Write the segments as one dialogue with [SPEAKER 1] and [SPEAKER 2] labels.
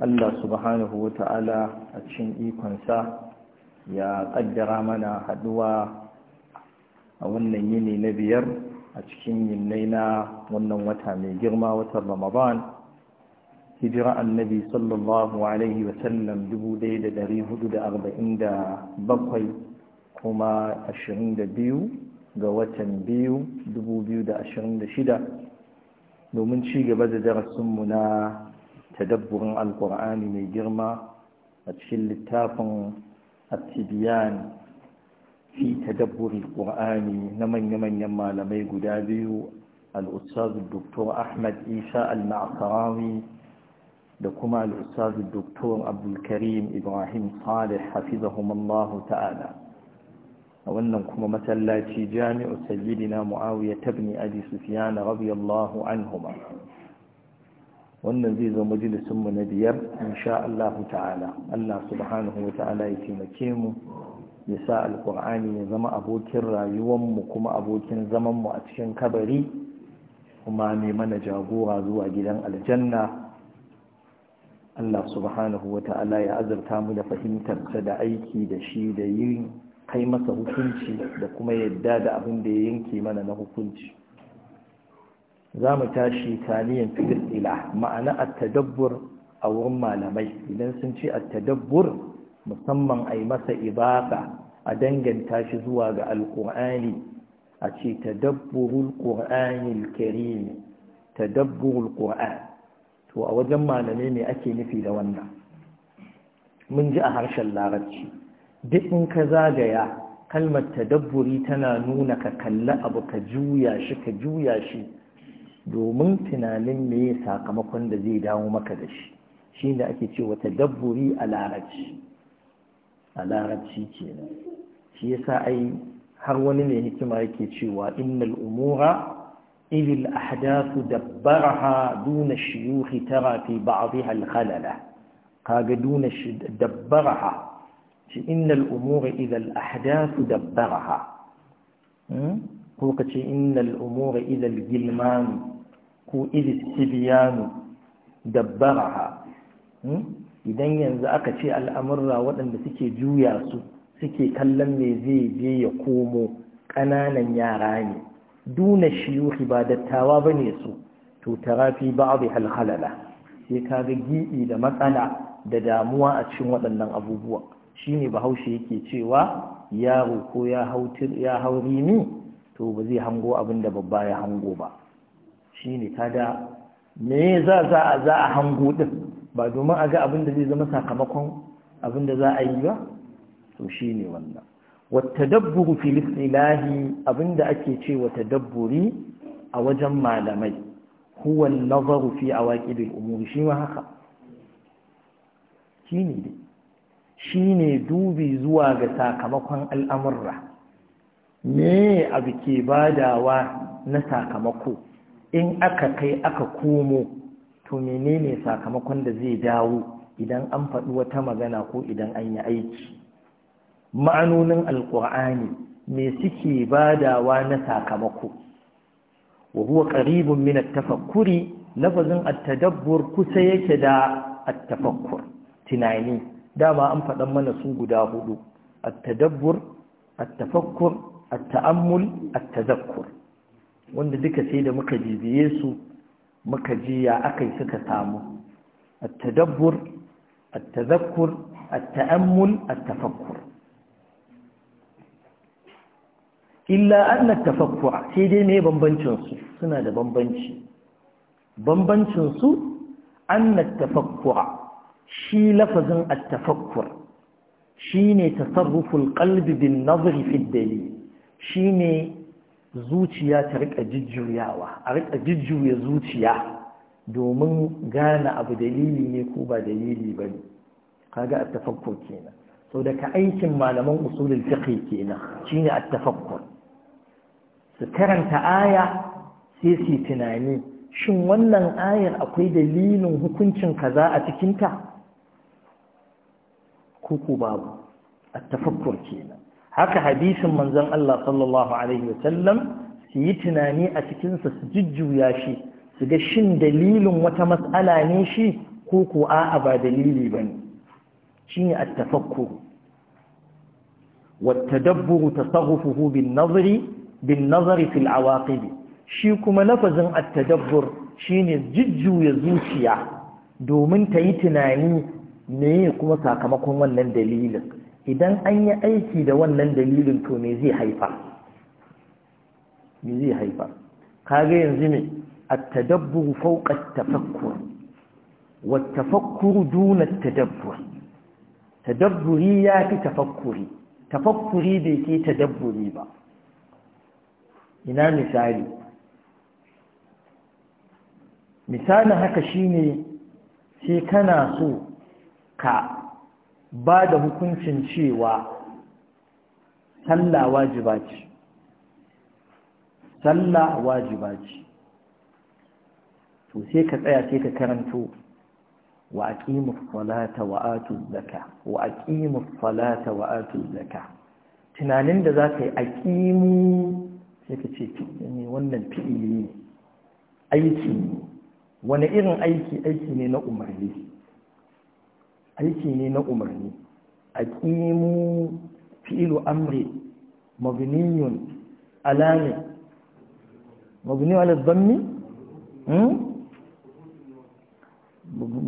[SPEAKER 1] Allah subhanahu wa ta'ala a cikin ikonsa ya ƙaddara mana haɗuwa a wannan yini na biyar a cikin yinai na wannan wata mai girma watan Ramadan hijira annabi sallallahu alaihi wasallam 1447 kuma 22 ga watan biyu 2026 domin ci gaba da darasinmu na tadabburin alkur'ani mai girma a cikin littafin atibiyan fi tadabburin alkur'ani na manya-manyan malamai guda biyu al'ustaz dr ahmad isa al-ma'asarawi da kuma al'ustaz dr abdulkarim ibrahim salih hafizahumallahu ta'ala a wannan kuma masallaci jami'u sayyidina muawiya tabni abi sufyan radiyallahu anhuma wannan zai zo majalisunmu na biyar insha Allah ta'ala Allah subhanahu wa ta'ala ya taimake mu ya sa alkur'ani ya zama abokin rayuwar mu kuma abokin zaman mu a cikin kabari kuma mai mana jagora zuwa gidan aljanna Allah subhanahu wa ta'ala ya azurta mu da fahimtar sa da aiki da shi da yin kai masa hukunci da kuma yadda da abin da ya yanke mana na hukunci za mu tashi taniyan filis ila ma'ana attadabbur a wurin malamai idan sun ce attadabbur musamman a yi masa ibaka a danganta shi zuwa ga alƙur'ani a ce tadabburul ƙur'anil karim tadabburul to a wajen malamai ne ake nufi da wannan mun ji a harshen larabci duk in ka zagaya kalmar tadabburi tana nuna ka kalli abu ka juya shi ka juya shi domin tunanin me sakamakon da zai dawo maka da shi shi da ake ce wata dabburi a larabci a larabci ke nan shi yasa ai har wani mai hikima yake cewa innal umura idil ahdathu dabbaraha duna shiyuhi tara fi ba'dha al kaga duna dabbaraha shi innal umura idil da dabbaraha hmm? ko ka ce innal umura idal gilmanu ko idis tibiyanu dabbaraha hmm? idan yanzu aka ce al'amurra waɗanda suke juya su suke kallon me zai je ya komo ƙananan yara ne duna shiyuhi ba dattawa ba ne su to tarafi ba abu halhalala sai kaga giɗi da matsala da damuwa a cikin waɗannan abubuwa shine bahaushe yake cewa yaro ko ya hau rimi to ba zai hango abin da babba ya hango ba shi ne kada me za a za a hango din ba domin a ga abin da zai zama sakamakon abin da za a yi ba to shi ne wannan wata dabburu filif ilahi abin da ake ce wata dabburi a wajen malamai huwan nazaru fi a waƙi umuri shi ma haka shi ne dubi zuwa ga sakamakon al'amurra me abu ke badawa na sakamako in aka kai aka komo to menene sakamakon da zai dawo idan an faɗi wata magana ko idan an yi aiki ma'anonin alƙur'ani me suke badawa na sakamako wa huwa qaribun min at-tafakkuri lafazin at-tadabbur kusa yake da at-tafakkur tunani dama an faɗan mana su guda hudu at-tadabbur at-tafakkur التأمل التذكر wanda duka sai da muka jibiye su muka ji ya akai suka samu at-tadabbur at-tadhakkur at-ta'ammul at-tafakkur illa anna at sai dai ne bambancinsu suna da bambanci bambancin su anna at shi lafazin at-tafakkur shine tasarruful qalbi bin nazri fi ad shine zuciya ta rika jijjuyawa a rika jijjuya zuciya domin gane abu dalili ne ko ba dalili ba ne kaga a tafakkur kenan sau daga aikin malaman usulul fiqh kenan shine a tafakkur su karanta aya sai su tunani shin wannan ayar akwai dalilin hukuncin kaza a cikinta ko ko babu a tafakkur kenan haka hadisin manzon Allah sallallahu alaihi su yi tunani a cikinsa su jujjuya shi su ga shin dalilin wata mas'ala ne shi ko ko a'a ba dalili ba ne shi ne at-tafakkuru والتدبر تصرفه بالنظر بالنظر fil العواقب shi kuma lafazin attadabbur shine jujjuya zuciya domin ta yi tunani ne kuma sakamakon wannan dalilin idan an yi aiki da wannan dalilin to me zai haifa me zai haifa kage yanzu ne at-tadabbur fawqa at-tafakkur wa at-tafakkur duna at-tadabbur tadabburi ya fi tafakkuri tafakkuri bai ke tadabburi ba ina misali misalin haka shine sai kana so ka ba da hukuncin cewa sallah wajiba ce sallah wajiba ce to sai ka tsaya sai ka karanto wa aqimu ssalata wa atu zakka wa aqimu ssalata wa atu zakka tunanin da za ka yi aqimu sai ka ce ne wannan fi'ili ne aiki ne wani irin aiki aiki ne na umarni aiki ne na umarni kimu fi'lu amri mabniyun ala ne mabni ala dhammi hmm?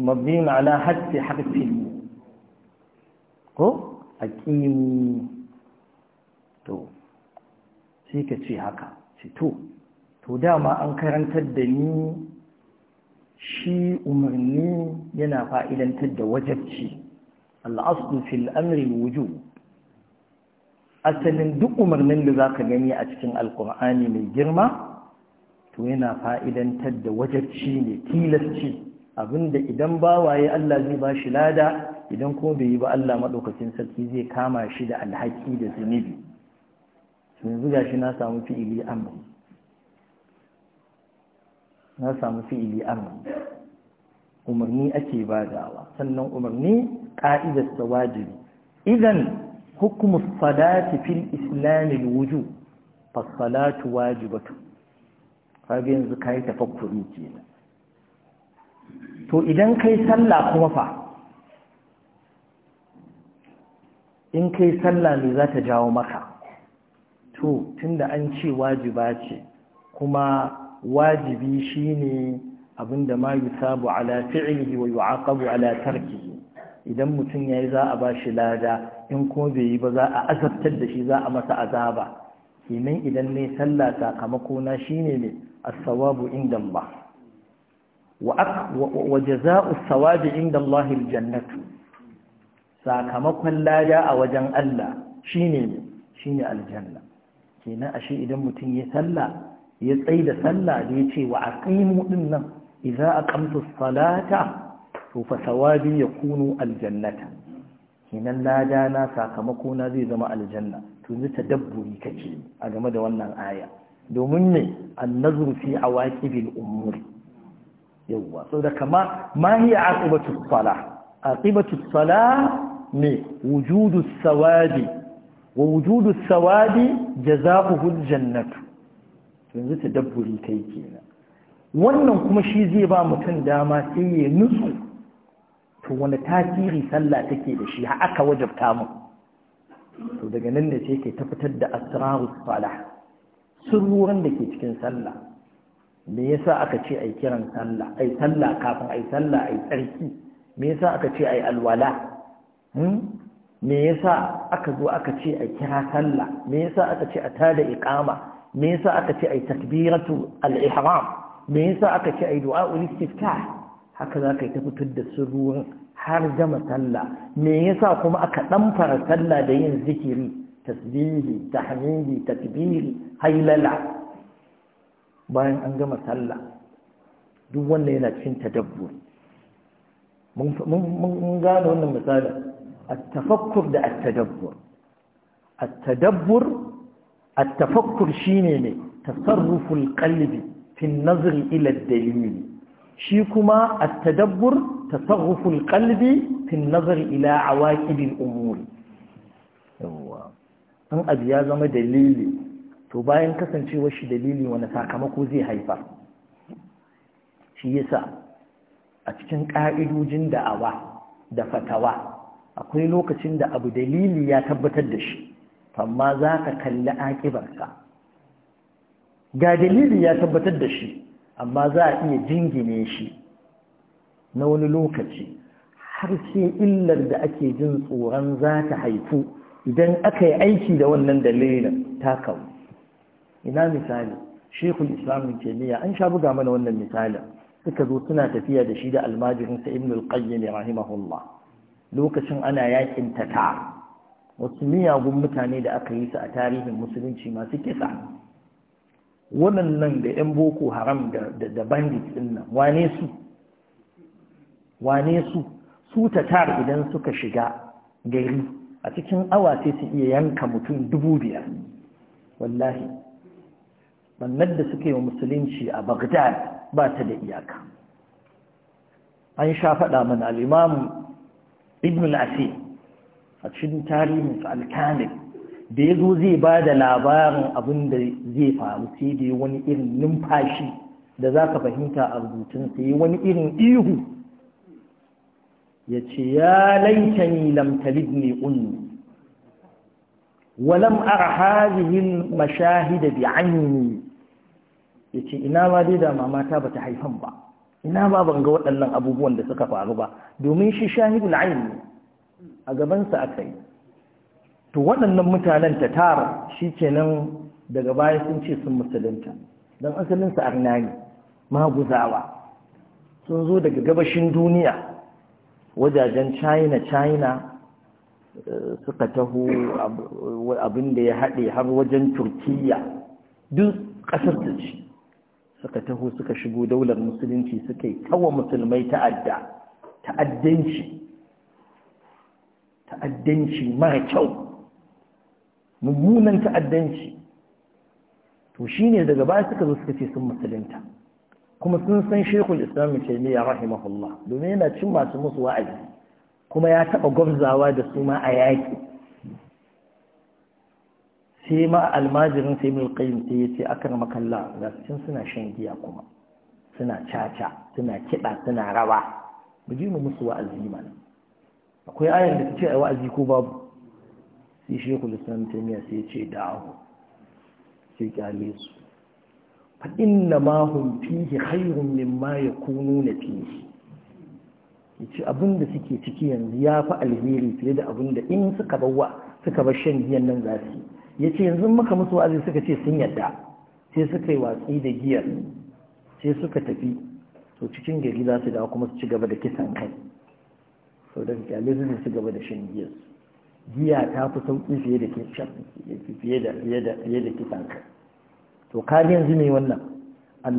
[SPEAKER 1] mabniyun ala hadd harfin ko kimu to sai ka ce haka ce to to dama an karantar da ni shi umarni yana fa'idantar da wajabci al'asu fil amri wuju asalin duk umarnin da za ka gani a cikin alkur'ani mai girma to yana fa'idantar da wajabci ne tilasci abinda idan bawaye Allah zai ba shi lada idan kuma bai yi ba Allah maɗaukacin sarki zai kama shi da alhaki da zunubi yanzu gashi na samu fi'ili amri na samu fi'ili amma umarni ake badawa sannan umarni ka'idar wajibi idan hukumu salati fil islamil wuju salatu wajibatu kaga yanzu kai tafakkuri kenan to idan kai sallah kuma fa in kai sallah ne za ta jawo maka to tunda an ce wajiba ce kuma wajibi shine abinda ma yusabu ala fi'lihi wa yu'aqabu ala tarkihi idan mutum yayi za a bashi lada in ko bai yi ba za a azabtar da shi za a masa azaba kenan idan ne sallah sakamako na shine ne as-sawabu inda Allah wa wa jazaa'u as-sawabi inda Allah al-jannatu sakamakon lada a wajen Allah shine ne shine aljanna kenan ashe idan mutum ya sallah ya tsaye da sallah da ya ce wa aqimu din nan a aqamtu salata to fa sawabi yakunu aljannata kinan lada na sakamako na zai zama aljanna to ni tadabburi kake a game da wannan aya domin ne annazur fi awaqibil umuri yawwa so da kama ma hiya aqibatu salah aqibatu salah ne wujudu sawabi wa wujudu sawabi jazaohu aljannatu yanzu ta dabburi kai kenan wannan kuma shi zai ba mutum dama sai ya nutsu to wani tasiri sallah take da shi aka wajabta mu to daga nan da ce kai ta fitar da asrarus salah sirruran da ke cikin sallah me yasa aka ce ai kiran sallah ai sallah kafin ai sallah ai tsarki me yasa aka ce ai alwala hmm? me yasa aka zo aka ce a kira sallah me yasa aka ce a tada iqama me yasa aka ce ai takbiratu al-ihram me yasa aka ce ai du'a ul-istiftah haka za ka ta fitar da surruwan har gama sallah me yasa kuma aka dan fara sallah da yin zikiri tasbihi tahmidi takbiri hailala bayan an gama sallah duk wannan yana cikin tadabbur mun gano wannan misali at-tafakkur da at-tadabbur التفكر شيني تصرف القلب في النظر إلى الدليل شيكما التدبر تصرف القلب في النظر إلى عواقب الأمور an abu ya zama dalili to bayan kasancewar shi dalili wani sakamako zai haifar shi yasa a cikin ƙa'idojin da'awa da fatawa akwai lokacin da abu dalili ya tabbatar da shi amma za ka kalli akibarsa ga dalili ya tabbatar da shi amma za a iya jingine shi na wani lokaci har sai illar da ake jin tsoron za ta haifu idan aka yi aiki da wannan dalilin ta kawo ina misali shekul islamun kemiya an sha buga mana wannan misalin suka zo suna tafiya da shi da almajirinsa ibn al-qayyim rahimahullah lokacin ana yakin ta wasu miyagun mutane da aka yi su a tarihin musulunci masu kisa waɗannan da 'yan boko haram da bandit ɗin nan wane su wane su su tatar idan suka shiga gari a cikin awa sai su iya yanka mutum dubu biyar wallahi bannar da suka yi wa musulunci a bagdad ba ta da iyaka an sha faɗa mana al'imamu ibn al'asir a cikin tarihin alkalin da ya zo zai ba da labarin abin da zai faru sai da ya wani irin numfashi da za ka fahimta a rubutun sai ya wani irin ihu ya ce ya laitani lam talidni unni ولم mashahida bi المشاهد ya ce ina ma dai da mamata bata haifan ba ina ma ban ga waɗannan abubuwan da suka faru ba domin shi shahidul ne? a gabansa aka yi to waɗannan mutanen ta tara shi kenan daga baya sun ce sun musulunta don asalinsa arna ne maguzawa sun zo daga gabashin duniya wajajen china china eh, suka taho abin da ya haɗe har wajen turkiyya duk ƙasar ta ce suka taho suka shigo daular musulunci suka yi kawo musulmai ta'adda ta'addanci ta'addanci mara kyau mummunan ta'addanci to ne daga baya suka zo suka ce sun musulunta kuma sun san shekul islam taimiyya rahimahullah domin yana cin masu musu wa'azi kuma ya taɓa gwamzawa da su ma a yaƙi sai ma almajirin sai mil qayyim sai ya ce akan makalla ga suna shan giya kuma suna caca suna kiɗa suna rawa mu ji mu musu wa'azi mana akwai ayar da ta ce a wa'azi ko babu sai shekul ta miya sai ce da'ahu sai kyale su na mahun fihi min mimma ya kunu na fihi ya ce abin da suke ciki yanzu ya fi alheri fiye da abin in suka bawa suka bar shan giyan nan za su ya ce yanzu muka musu wa'azi suka ce sun yadda sai suka yi watsi da giyar sai suka tafi to cikin gari za su dawo kuma su ci gaba da kisan kai sau daga kyale su ci gaba da shan giya, giya ta fi sauƙi fiye da fiye da kisan kai to kaji yanzu ne wannan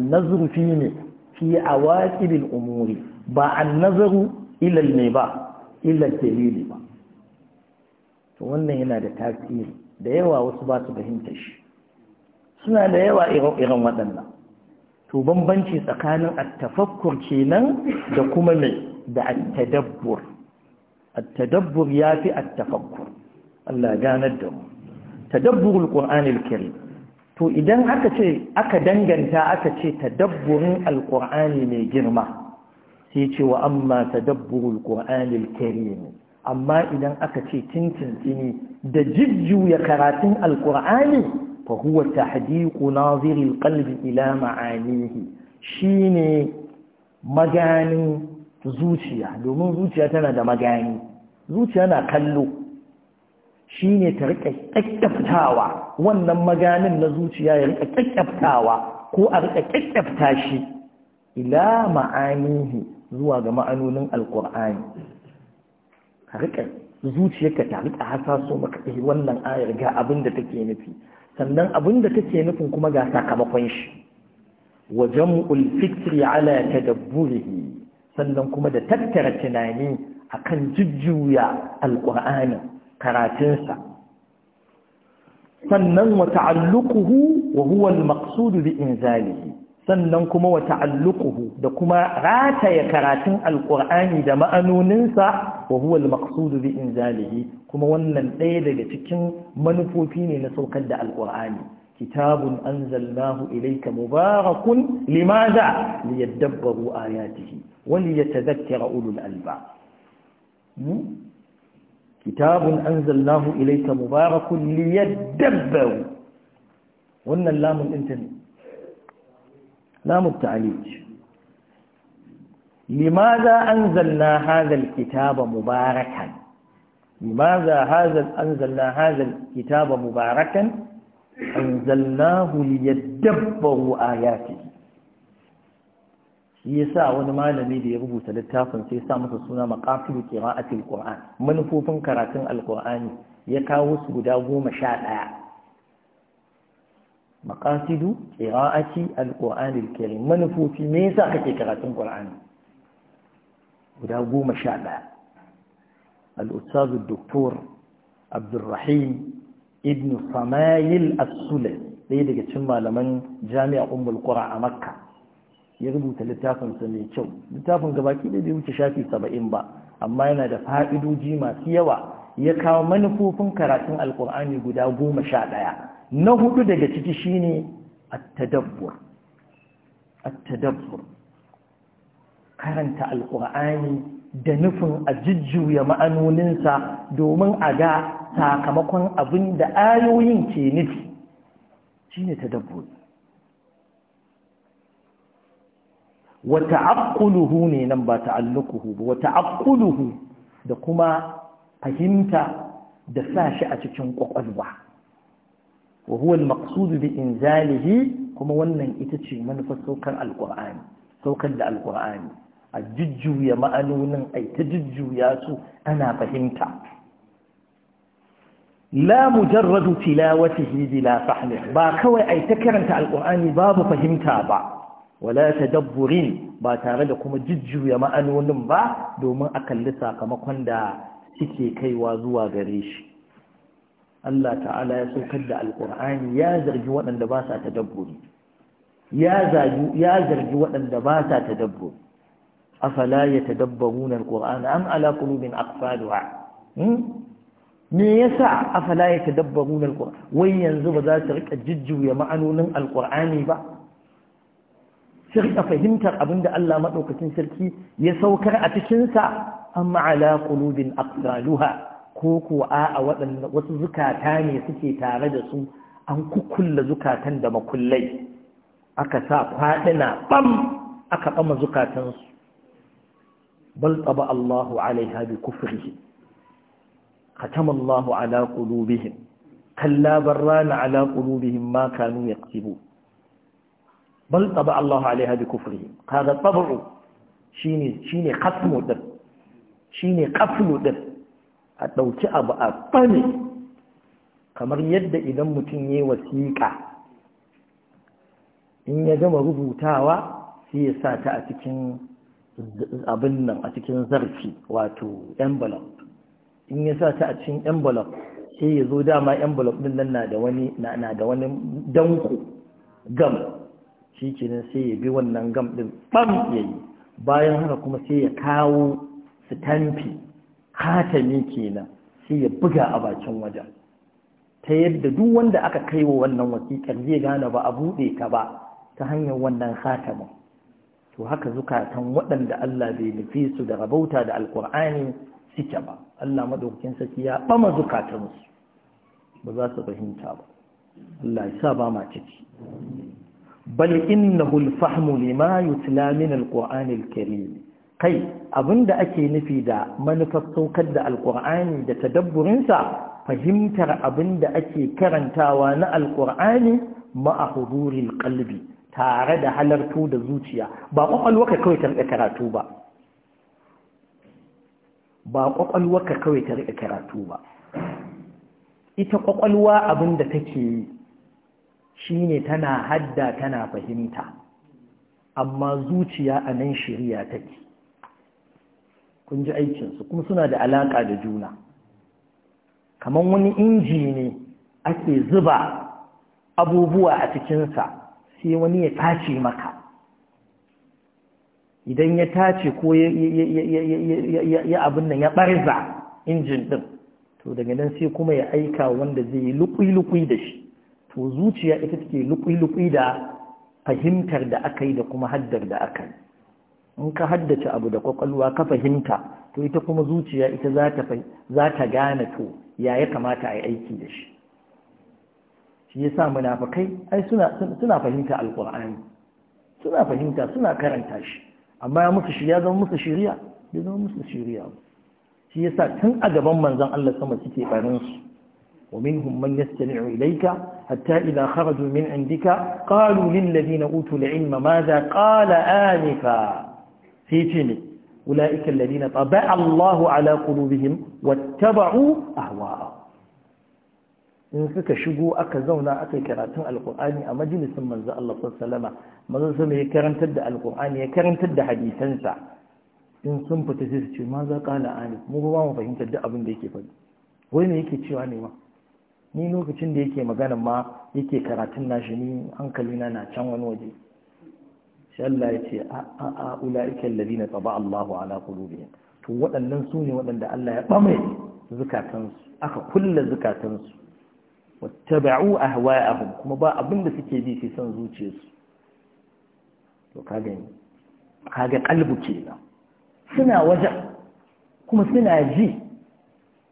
[SPEAKER 1] nazaru fi ne fi a waƙirin umuri ba nazaru ilal ne ba ilal dalili ba to wannan yana da tasiri da yawa wasu ba su fahimta shi suna da yawa irin waɗannan to bambanci tsakanin attafakkur kenan da kuma mai da attadabbur التدبر يافي التفكر الله جاند دم تدبر القرآن الكريم to idan aka danganta aka ce tadabburin Alƙur'ani mai girma sai ce wa amma tadabburul qur'anil karim amma idan aka ce tintintini da jijjuya karatun alkur'ani fa huwa tahdiqu naziril qalbi ila ma'anihi shine maganin zuciya domin zuciya tana da magani zuciya na kallo shi ne ta riƙa ƙyaƙƙyaftawa, wannan maganin na zuciya ya riƙa kyakkyaftawa ko a riƙa kyakkyafta shi ila ma'anihi zuwa ga ma'anonin alkur'ani ka zuciya zuciyarka ta rika hasaso maka eh, wannan ayar ga abin da take nufi sannan abin da take nufin kuma ga sakamakon shi wajen ulfikri ala tadabburihi sannan kuma da tattara tunani a kan jujjuya alƙur'ani karatunsa sannan wa ta'alluquhu wa huwa al-maqsud bi inzalihi sannan kuma wa ta'alluquhu da kuma rataya karatun alqur'ani da ma'anoninsa wa huwa al-maqsud bi inzalihi kuma wannan ɗaya daga cikin manufofi ne na saukar da alqur'ani kitabun anzalnahu ilayka mubarakun limadha liyadabbaru ayatihi وليتذكر أولو الألباب كتاب أنزلناه إليك مبارك ليدبروا وأن اللام الإنترنت لام التعليج لماذا أنزلنا هذا الكتاب مباركا لماذا هذا أنزلنا هذا الكتاب مباركا أنزلناه ليدبروا آياته shi sa wani malami da ya rubuta littafin sai sa masa suna maqasidu qira'atil qur'an manufofin karatun alqur'ani ya kawo su guda goma sha ɗaya maqasidu qira'ati alqur'anil karim manufofi me yasa kake karatun Al-ƙur'ani? guda goma sha ɗaya al-ustaz doktor abdurrahim ibn samayil as-sulami ɗaya daga cikin malaman jami'a ummul qura a makka ya rubuta littafinsa mai kyau littafin gabaki da bai wuce shafi saba'in ba amma yana da fa'idoji masu yawa ya kawo manufofin karatun alkur'ani guda goma sha ɗaya na hudu daga ciki shine attadabbur attadabbur karanta alkur'ani da nufin a jujjuya ma'anoninsa domin a ga sakamakon abin da ayoyin ke nufi shine tadabbur Wata ta'aqquluhu ne nan ba ta'alluquhu ba wata ta'aqquluhu da kuma fahimta da sa shi a cikin ƙwaƙwalwa. wa huwa al-maqsud bi inzalihi kuma wannan ita ce manufa saukar alqur'ani saukar da Alƙur'ani. a jujjuya ma'anonin ai ta jujjuya su ana fahimta la mujarradu tilawatihi bila fahmi ba kawai ai ta karanta Alƙur'ani babu fahimta ba wala tadabburin ba tare da kuma jujjuya ma'anonin ba domin a kalli sakamakon da suke kaiwa zuwa gare shi Allah ta'ala ya saukar da alkur'ani ya zargi waɗanda ba sa tadabburi ya zargi waɗanda ba sa tadabburi afala ya tadabbaruna alkur'ani am ala qulubin aqfaluha hmm? me yasa afala ya tadabbaruna alkur'ani wai yanzu ba za su rika jujjuya ma'anonin alkur'ani ba su fahimtar abin da Allah maɗaukacin sarki ya saukar a cikinsa an ala qulubin aqsaluha ko ko a waɗanda wasu zukata ne suke tare da su an kukkulla zukatan da makullai aka sa faɗina bam aka ɓama zukatansu bal tsaba Allahu alaiha bi kufrihi khatama Allahu ala qulubihim kalla barrana ala ma kanu yaqtibun bal taba Allahu alaiha bi kufrihi kaga tabu shine shine qasmu din shine qasmu din a dauki abu a bane kamar yadda idan mutum yi wasiƙa in ya gama rubutawa sai ya sa ta a cikin abin nan a cikin zarfi wato envelope in ya sa ta a cikin envelope sai ya zo dama envelope din nan na da wani na da wani danko gam shi kenan sai ya bi wannan gam ɗin ɓam ya yi bayan haka kuma sai ya kawo sitamfi katami kenan sai ya buga a bakin wajen ta yadda duk wanda aka kai wa wannan wasiƙar zai gane ba a buɗe ta ba ta hanyar wannan khatamin to haka zukatan waɗanda Allah bai nufi su da rabauta da alkur'ani suke ba Allah madaukakin saki ya ɓama zukatansu ba za su fahimta ba Allah ya sa ba ma ciki bal innahu fahmu lima yutla min al-Qur'an karim kai abinda ake nufi da manufar saukar da alkur'ani da tadabburinsa fahimtar abinda ake karantawa na alkur'ani ma'a huduril qalbi tare da halartu da zuciya ba ka kawai ta karatu ba ba ka kawai ta karatu ba ita kwakwalwa abinda take yi Shi ne tana hadda tana fahimta amma zuciya a nan shirya take kun ji aikinsu kuma suna da alaƙa da juna kamar wani inji ne ake zuba abubuwa a cikinsa sai wani ya tace maka idan ya tace ko ya abin nan ya ɓarza injin ɗin to daga nan sai kuma ya aika wanda zai yi lukwi-lukwi da shi to zuciya ita take lukui-lukui da fahimtar da aka yi da kuma haddar da aka yi in ka haddace abu da kwakwalwa ka fahimta to ita kuma zuciya ita za ta gane to ya ya kamata a yi aiki da shi shi ya sa munafakai ai suna fahimta alkur'ani suna fahimta suna karanta shi amma ya musu shirya zama musu shirya ya zama musu shirya shi ya sa tun a gaban manzan Allah sama suke barinsu ومنهم من يستمع إليك حتى إذا خرجوا من عندك قالوا للذين أوتوا العلم ماذا قال آنفا في تني أولئك الذين طبع الله على قلوبهم واتبعوا أهواءهم in suka shigo aka zauna aka yi karatun alkur'ani a majalisun manzo Allah sallama manzo sama ya karantar da alkur'ani ya karantar da hadisansa in sun fita sai su ce ma kala ani mu ba fahimtar da abinda yake faɗi wai yake cewa ni lokacin da yake maganin ma yake karatun nashi ni hankalina na can wani waje shi Allah ya ce a a ike ulaika tsaba, taba Allahu ala qulubihim to waɗannan su ne waɗanda Allah ya ɓame zukatansu aka kulla zukatansu wattaba'u ahwa'ahum kuma ba abin da suke bi sai son zuciyarsu to kaga ni kaga kalbu kenan suna wajen kuma suna ji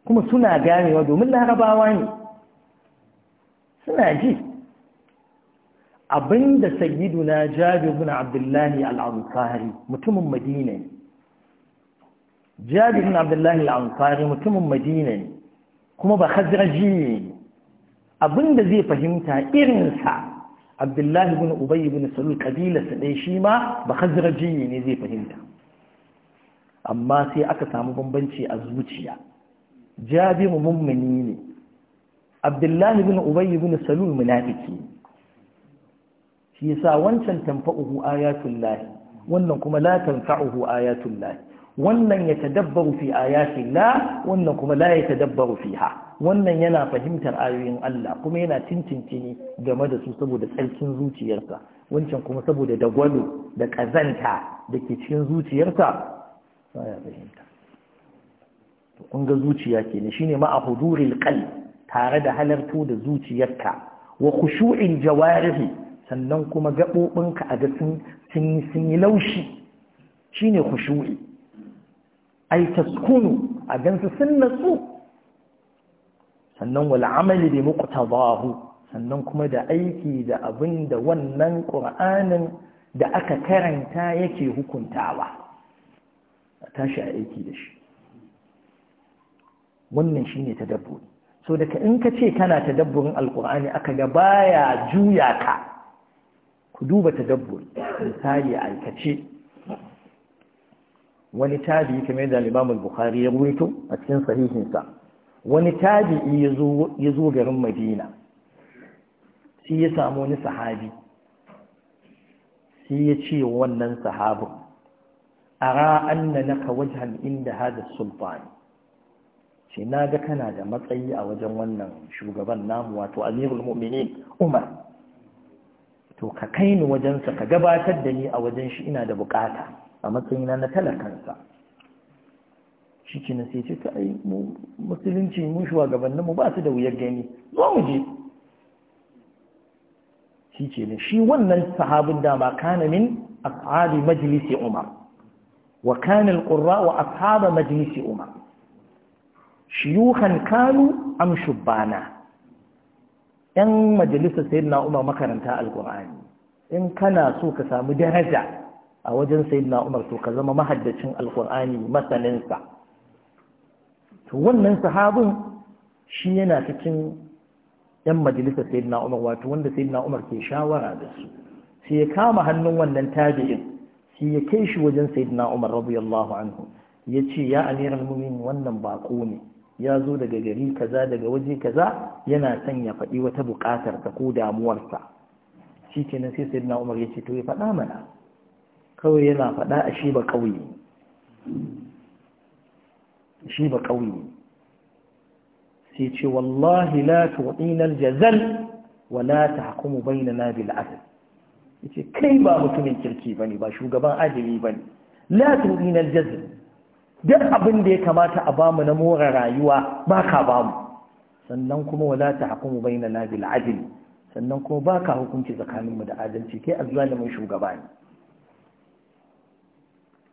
[SPEAKER 1] kuma suna ganewa domin larabawa ne suna ji abinda sayyiduna jabir bin abdullahi al-ansari mutumin madina ne jabir bin abdullahi al-ansari mutumin madina ne kuma ba khazraji ne abinda zai fahimta irinsa abdullahi bin ubayy bin salul kabilarsa ɗaya shi ma ba khazraji ne zai fahimta amma sai aka samu bambanci a zuciya jabiru mummuni ne abdullahi bin ubayy bin salul munafiki shi yasa wancan tanfa'uhu ayatul wannan kuma la tanfa'uhu ayatul wannan ya tadabbaru fi ayatin wannan kuma la ya tadabbaru fiha wannan yana fahimtar ayoyin Allah kuma yana cincincini game da su saboda tsarkin zuciyarsa wancan kuma saboda dagwalo da kazanta da ke cikin zuciyarsa ya fahimta kun ga zuciya kenan shine ma a huduril qalb tare da halartu da zuciyarka wa kushu'in jawarihi sannan kuma gaɓoɓinka a ga sun yi laushi shine khushu'i ay taskunu a su sun natsu sannan wal amali bi muqtadahu sannan kuma da aiki da abin da wannan qur'anin da aka karanta yake hukuntawa a tashi a aiki da shi wannan shine ta dabbobi. so daga in ka ce kana tadabburin alkur'ani aka ga baya juya ka ku duba tadabbur misali aikace wani tabi'i kamar da limamul bukhari ya ruwaito a cikin sahihinsa wani tabi'i ya zo garin Madina sai ya samu wani sahabi sai ya ce wannan sahabin ara annanaka wajhan inda hada sultani ce na ga kana da matsayi a wajen wannan shugaban namu wato amirul mu'minin umar to ka kai ni wajensa ka gabatar da ni a wajen shi ina da bukata a matsayina na talakansa shi ke na sai ta ai musulunci mu gabanin mu ba su da wuyar gani zo mu je shi ce ne shi wannan sahabin dama kana min tsari majlisi umar wa kanin Ƙurra wa ashaba majlisi umar shiyuhan kanu am shubbana yan majalisar sayyidina umar makaranta alkur'ani in kana so ka samu daraja a wajen sayyidina umar to ka zama mahaddacin alkur'ani masaninsa to wannan sahabin shi yana cikin yan majalisar sayyidina umar wato wanda sayyidina umar ke shawara da su sai ya kama hannun wannan tabi'in sai ya kai shi wajen sayyidina umar radiyallahu anhu ya ce ya amiral mu'minin wannan bako ne ya zo daga gari kaza daga waje kaza yana son ya faɗi wata buƙatar ta ko damuwarsa shi ke nan sai sai na umar ya ce to ya faɗa mana kawai yana faɗa a shi ba ƙauye shi ba ƙauye sai ce wallahi la tu'ina aljazal wa la tahkumu bainana bil adl yace kai ba mutumin kirki bane ba shugaban adili bane la tu'ina aljazal duk abin da ya kamata a bamu na more rayuwa ba ka bamu sannan kuma wala ta hukumu bai na bil adil sannan kuma ba ka hukunci tsakaninmu da adalci kai azzalimin shugaba ne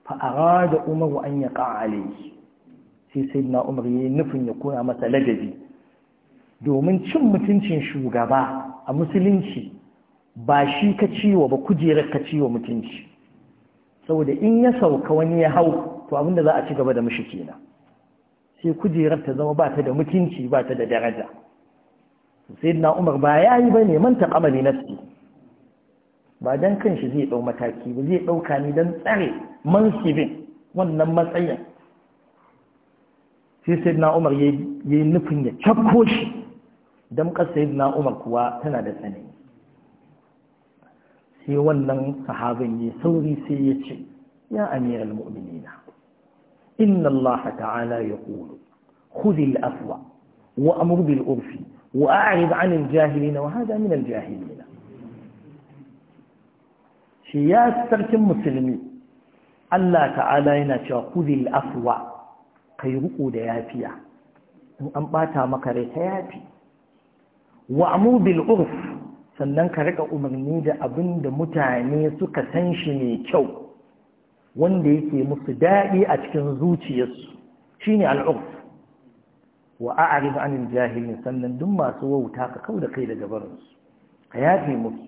[SPEAKER 1] fa'ara da umaru an ya ƙa'ale sai sai na umar ya nufin ya koya masa ladabi domin cin mutuncin shugaba a musulunci ba shi ka ciwo ba kujerar ka ciwo mutunci saboda in ya sauka wani ya hau to abinda za a ci gaba da mishi kenan sai kujerar ta zama ba ta da mutunci ba ta da daraja na umar ba ya ba bane man taqama na nafsi ba dan shi zai dau mataki ba zai dauka ni dan tsare bin wannan matsayin sai na umar yayi nufin ya cakko shi dan kasar na umar kuwa tana da tsanani sai wannan sahabin ya sauri sai ya ce ya amiral mu'minina إن الله تعالى يقول خذ الأفوى وأمر بالأرف وأعرض عن الجاهلين وهذا من الجاهلين شياس ترك مسلمي الله تعالى ينشأ خذ الأفوى كي رؤود يافيا أنباتا مكريت يافي وأمر بالأرف sannan ka rika umarni da abin da mutane suka san shi mai kyau wanda yake musu daɗi a cikin zuciyarsu shine al'uf wa a'rif anin jahilin sannan duk masu wauta ka kau da kai daga barinsu ka yafe musu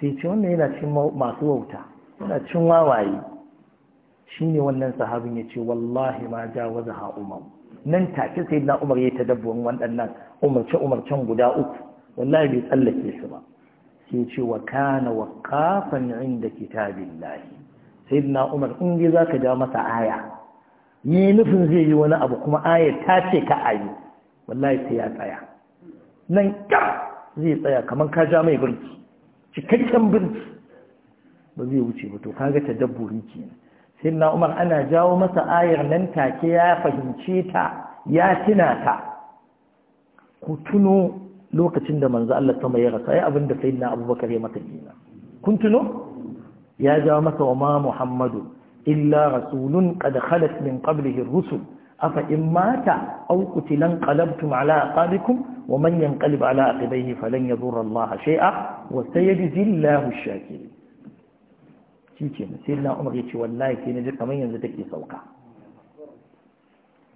[SPEAKER 1] sai ce wannan yana cin masu wauta yana cin wawaye shine wannan sahabin ya ce wallahi ma waza ha umar nan take sai na umar ya tadabburin waɗannan umarce umarcen guda uku wallahi bai tsallake su ba sai ce wa kana wa kafan inda kitabin lahi sai na umar in za ka ja masa aya yi nufin zai yi wani abu kuma aya ta ce ka ayi wallahi sai ya tsaya nan ka zai tsaya kamar ka ja mai birki cikakken birki ba zai wuce ba to kaga ta dabbori kenan sai na umar ana jawo masa ayar nan take ya fahimce ta ya tuna ta ku tuno lokacin da manzo Allah sama ya rasa ai abin da na Abubakar ya maka kenan kun tuno ya ja masa wa ma Muhammadu illa rasulun qad khalat min qablihi ar-rusul afa in mata aw qutilan qalabtum ala aqabikum wa man yanqalib ala aqibihi falan yadurra Allah shay'a wa sayajzi Allahu ash-shakirin shikenan na Umar ya ce wallahi sai naji kamar yanzu take sauka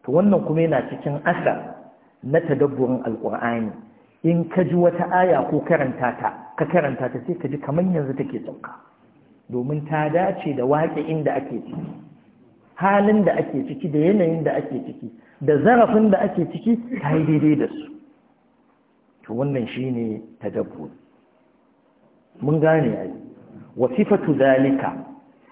[SPEAKER 1] to wannan kuma yana cikin asar na tadabburin alqur'ani in ka ji wata aya ko karanta ta ka karanta ta sai ka ji kamar yanzu take sauka domin ta dace da waƙe inda ake ciki halin da ake ciki da yanayin da ake ciki da zarafin da ake ciki ta yi daidai da su to wannan shine tadabbur mun gane ai wa sifatu zalika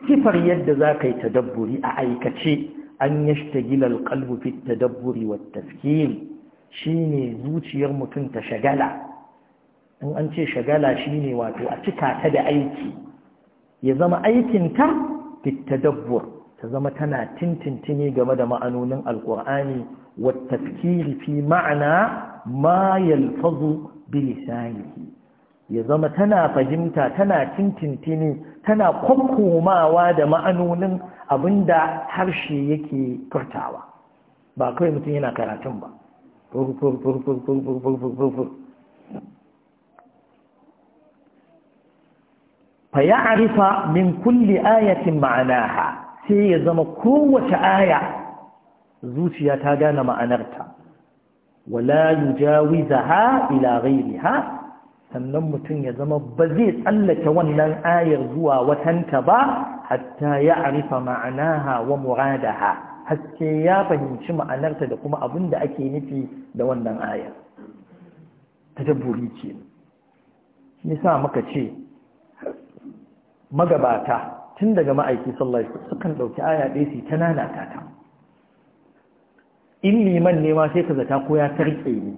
[SPEAKER 1] sifar yadda za ka yi tadabburi a aikace an yashtagila alqalbu fi tadabburi wat tafkir shine zuciyar mutum ta shagala in an ce shagala shine wato a cika ta da aiki ya zama aikin aikinta fitadabbur ta zama tana tintintini game da ma'anonin alkur'ani والتفكير ma'ana ma'ana ma yalfazu بلسانه ya zama tana fahimta tana tintintini tana kwakkomawa da ma'anonin abinda harshe yake furtawa ba kawai mutum yana karatun ba بغ بغ بغ بغ بغ بغ بغ بغ بغ بغ فيعرف من كل آية معناها سي زم قوة آية زوتي يتاقان أنرتا ولا يجاوزها إلى غيرها سنم تنيا زم بزيت ألت ونن آية زوا وتنتبى حتى يعرف معناها ومرادها haske ya fahimci ma'anarta da kuma abin da ake nufi da wannan ayar tadabburi ce shi sa muka ce magabata tun daga ma'aiki sallallahu alaihi sukan dauki aya ɗaya su ta nanata ta in liman ne ma sai ka zata ko ya tarke ni,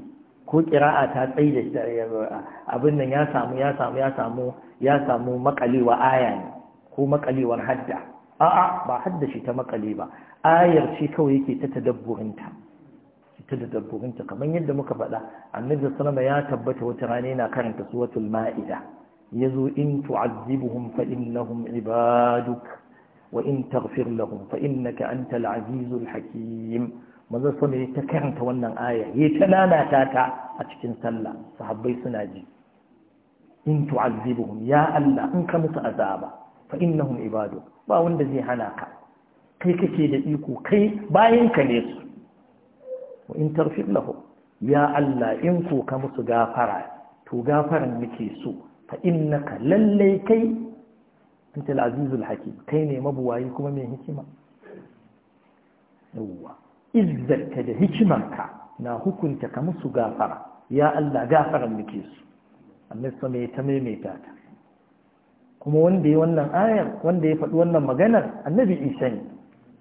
[SPEAKER 1] ko ƙira'a ta tsaye da abin nan ya samu ya samu ya samu ya samu makalewa aya ne ko makalewar hadda a'a ba hadda shi ta makale ba ayar ce kawai yake ta tadabburinta ta tadabburinta kamar yadda muka faɗa annabi sallama ya tabbata wata rana yana karanta suratul ma'ida yazo in tu'azzibuhum fa innahum ibaduk wa in taghfir lahum fa innaka antal azizul hakim manzo sallama ta karanta wannan aya yayi ta nanata ta a cikin sallah sahabbai suna ji in tu'azzibuhum ya Allah in ka musu azaba fa innahum ibaduk ba wanda zai hana ka kai kake da iko kai bayan ka ne su wa in tarfi lahu ya Allah in ko ka musu gafara to gafaran muke so fa innaka lallai kai anta azizul hakim kai ne mabuwayi kuma mai hikima yawwa da hikimarka na hukunta ka musu gafara ya Allah gafaran muke so annabi sa mai ta maimaita ta kuma wanda ya wannan ayar wanda ya faɗi wannan maganar annabi isa ne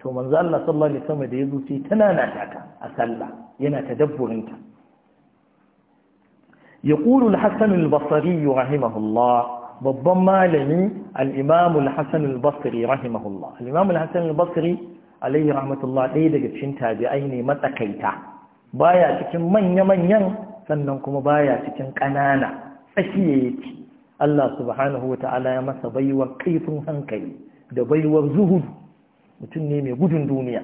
[SPEAKER 1] to manzo Allah sallallahu alaihi wasallam da ya zuci tana na taka a sallah yana tadabburin ta yaqulu al-hasan al-basri rahimahullah babban malami al-imam al-hasan al-basri rahimahullah al-imam al-hasan al-basri alaihi rahmatullah ɗaya daga cikin tabi'ai ne matsakaita baya cikin manya-manyan sannan kuma baya cikin ƙanana tsakiya yake Allah subhanahu wa ta'ala ya masa baiwar kaifin hankali da baiwar zuhudu mutum ne mai gudun duniya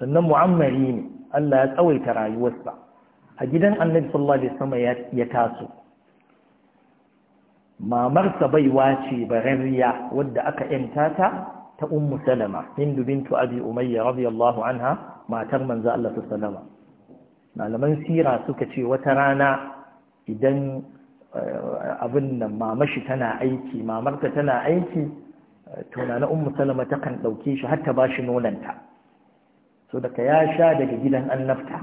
[SPEAKER 1] sannan mu'ammari ne Allah ya tsawaita rayuwarsa a gidan annabi sallallahu alaihi wasallam ya taso mamarsa baiwa ce bararriya wadda aka yanta ta ta ummu salama hindu bintu abi umayya radiyallahu anha matar manzo Allah sallallahu malaman sira suka ce wata rana idan eh, abin nan mamashi tana aiki mamarta tana aiki tunanin ummu salama ta kan ɗauke shi har ta ba shi nonanta so daga ya sha daga gidan annabta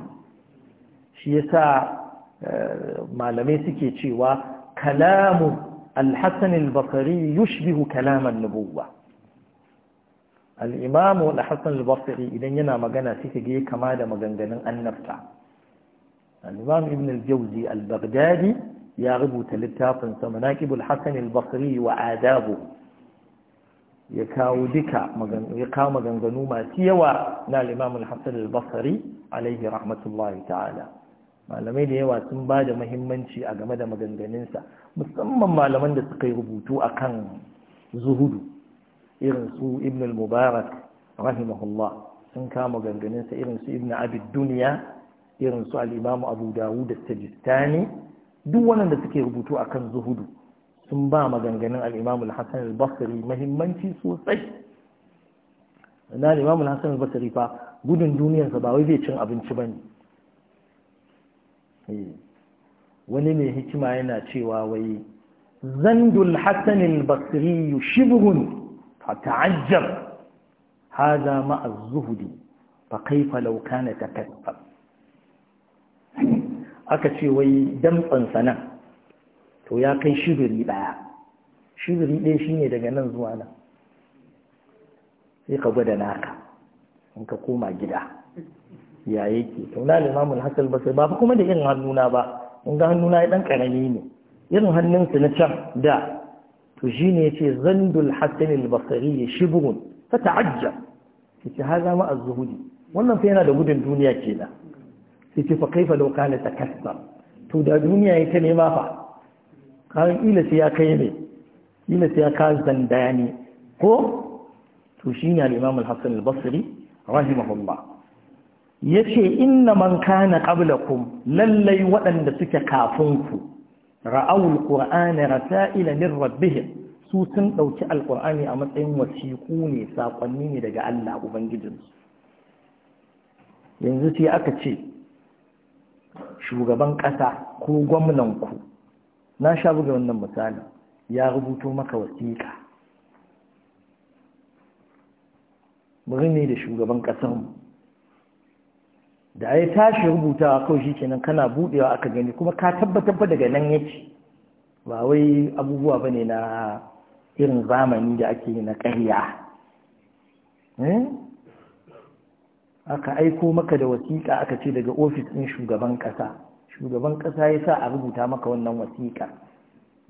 [SPEAKER 1] shi yasa eh, malamai suke cewa kalamu alhassan al yushbihu kalaman nubuwa al'imamu alhassan al idan yana magana suke ga kama da maganganun annabta al'imam ibn al-jauzi al-baghdadi ya rubuta littafinsa manaqibul hassan al wa adabu ya kawo duka ya kawo maganganu masu yawa na limamul hassan al-basari alaihi rahmatullahi ta'ala malamai da yawa sun ba da mahimmanci a game da maganganunsa musamman malaman da suka yi rubutu a kan zuhudu irin su ibn al-mubarak rahimahullah sun kama maganganunsa irin su ibn abid duniya irin su al-imamu abu dawud da Sajistani duk waɗanda suke rubutu a kan zuhudu sun ba maganganun al-Imam al-Hasan al-Basri muhimmanci sosai na al al-Hasan al-Basri fa gudun duniyarsa ba wai zai cin abinci bane eh, wani mai hikima yana cewa wai zandul hasan al-basri shibhun fata'ajjab hada ma az-zuhdi fa kaifa law kana takaffal aka ce wai damtsan sana to ya kai shibiri ɗaya shibiri ɗaya shine daga nan zuwa nan sai ka gwada naka in ka koma gida ya yake to na mamun hasal ba sai ba kuma da irin hannuna ba in ga hannuna ya ɗan ƙarami ne irin hannunsa na can da to shi ne ya ce zandul hasan al ya shibrun ta ta'ajjab yace haza ma az-zuhudi wannan fa yana da gudun duniya kenan sai ce fa kaifa law ta takassar to da duniya yake nema fa kayan ila ya kai ne ila sai ya ka zandaya ne ko to al-imam al-hasan al-basri rahimahullah yace inna man kana qablakum lallai waɗanda suke kafin ku ra'awul qur'ana rasa'ila min rabbihim su sun dauki alqur'ani a matsayin wasiku ne saƙonni ne daga Allah ubangijinsu yanzu sai aka ce shugaban ƙasa ko gwamnan ku na sha buga wannan misali ya rubuto maka wasiƙa bari da shugaban ƙasarmu da ya tashi rubutawa kawai shi kenan kana buɗewa aka gani kuma ka tabbatar ba daga nan yake ba wai abubuwa ba ne na irin zamani da ake na ƙarya eh? aka aiko maka da wasiƙa aka ce daga ofis ɗin shugaban ƙasa shugaban ƙasa ya sa a rubuta maka wannan wasiƙa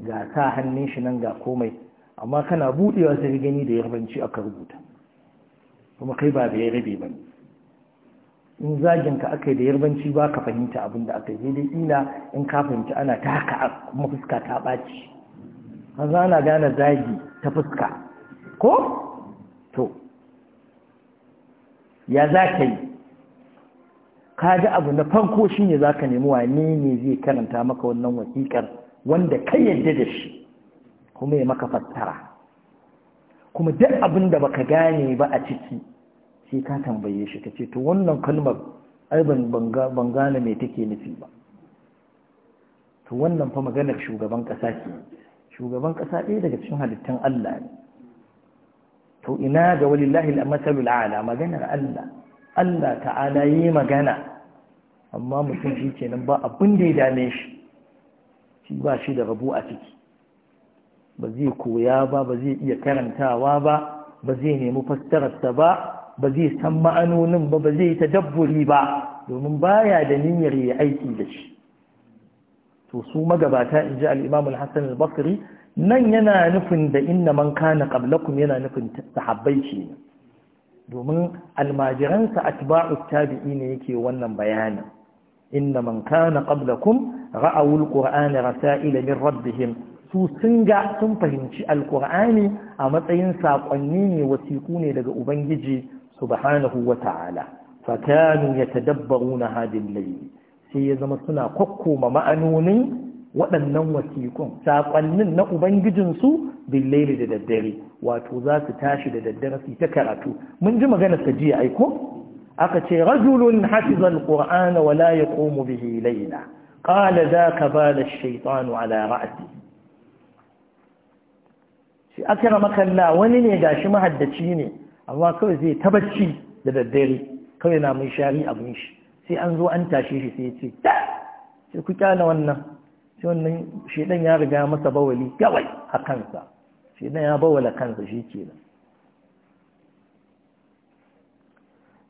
[SPEAKER 1] ga sa hannun shi nan ga komai amma kana buɗewa sai gani da yarbanci aka rubuta kuma kai ba da yarbe ba in zagin ka aka yi da yarbanci ba ka fahimta abin da aka yi dai ila in ka fahimta ana ta haka kuma fuska ta ɓaci an ana gane zagi ta fuska ko to ya za ka yi Ka ji abu na farko shi shine zaka nemi wani ne zai karanta maka wannan wakikar wanda ka yadda da shi kuma ya maka fassara kuma duk abin da baka gane ba a ciki sai ka tambaye shi ka ce to wannan kalmar ai ban gane me take nufi ba to wannan fa maganar shugaban ƙasa ce shugaban ƙasa ɗaya daga cikin halittun Allah ne to ina ga walillahi al-masalul a'la maganar Allah Allah ta'ala yi magana amma mutum shi kenan ba abin da ya dame shi shi ba shi da rabu a ciki ba zai koya ba ba zai iya karantawa ba ba zai nemi fassararsa ba ba zai san ma'anonin ba ba zai tadabburi ba domin baya da niyyar ya aiki da shi to su magabata in ji al al-Hassan al-Basri nan yana nufin da inna man kana qablakum yana nufin sahabbai ce domin almajiransa atba'u tabi'i ne yake wannan bayanin inna man kana qablakum ra'aw alqur'ana rasaila min rabbihim su sun ga sun fahimci alkur'ani a matsayin saƙonni ne wasiku ne daga ubangiji subhanahu wata'ala fakanu na hadin layli sai ya zama suna kokkoma ma'anonin waɗannan wasiƙun saƙonnin na ubangijinsu billaili da daddare wato za su tashi da daddare su ta karatu mun ji magana ta jiya aiko أقتي رجل حفظ القرآن ولا يقوم به ليلة قال ذاك بال الشيطان على رأسي شي أكرمك الله ونيني داشي ما هدتشيني الله كوي زي تبتشي لبدري كوي نامي شاري أبنيش سي أنزو أنت شي سي سي تا شي كتانا ونا شي ونا شي لن يارجع بولي كوي أكنسا شي لن يارجع مسا بولي